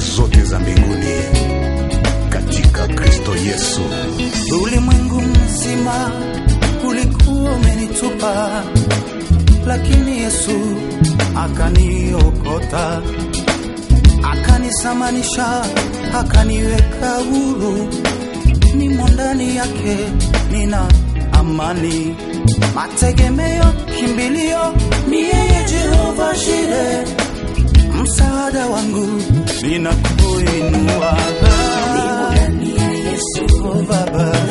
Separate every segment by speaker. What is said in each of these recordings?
Speaker 1: zote za mbinguni katika Kristo Yesu.
Speaker 2: Ulimwengu mzima ulikuwa umenitupa, lakini Yesu akaniokota, akanisamanisha, akaniweka huru. Nimo ndani yake, nina amani, mategemeo, kimbilio ni yeye Jehova Shire msaada wangu ninakuinua
Speaker 3: Baba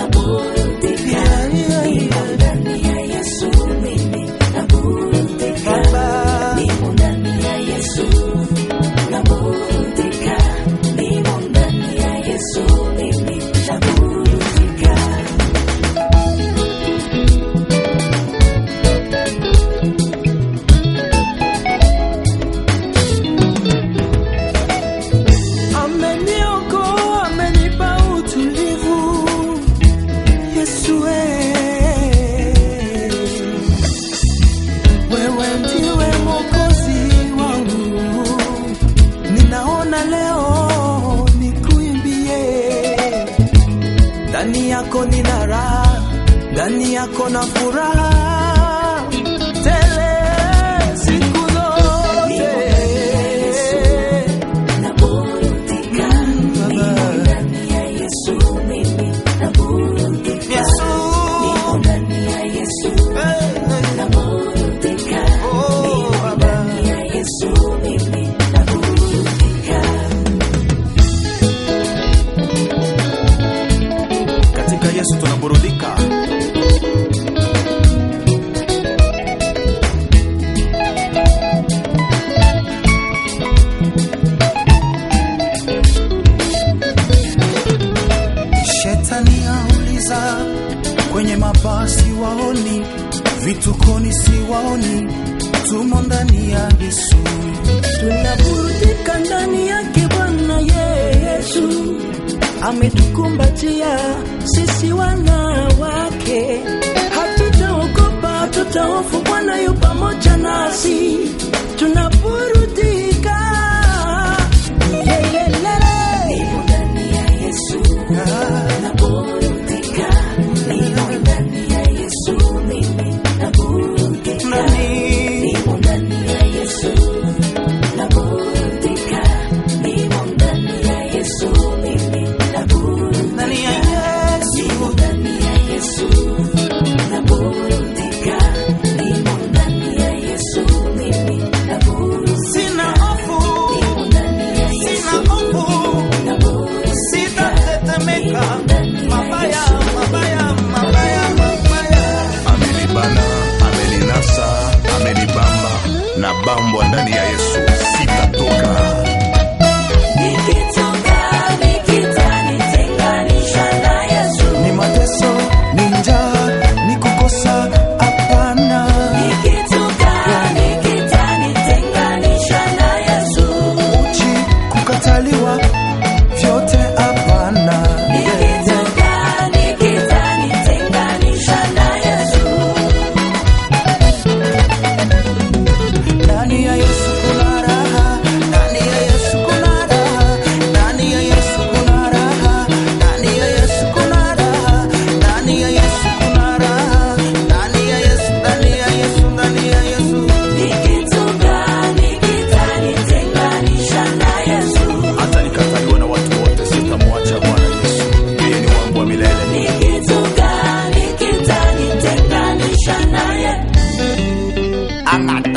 Speaker 2: ndani yako nina raha, ndani yako na furaha
Speaker 1: Yesu tunaburudika.
Speaker 2: Shetani auliza kwenye mabasi, waoni vitukoni, si waoni, tumo ndani ya Yesu, tunaburudika ndani yake. Bwana Yesu ametukumbatia sisi wanawake hatutaogopa, hatutahofu. Bwana yu pamoja nasi tunapo
Speaker 1: na bambwa ndani ya Yesu sitatoka.